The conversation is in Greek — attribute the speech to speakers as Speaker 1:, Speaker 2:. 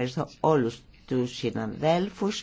Speaker 1: Ευχαριστώ όλους τους συναδέλφους